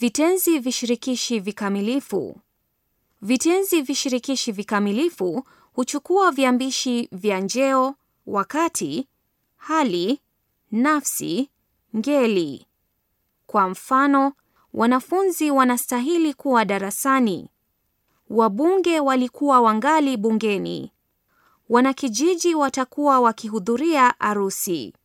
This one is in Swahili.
Vitenzi vishirikishi vikamilifu. Vitenzi vishirikishi vikamilifu huchukua viambishi vya njeo, wakati, hali, nafsi, ngeli. Kwa mfano, wanafunzi wanastahili kuwa darasani. Wabunge walikuwa wangali bungeni. Wanakijiji watakuwa wakihudhuria arusi.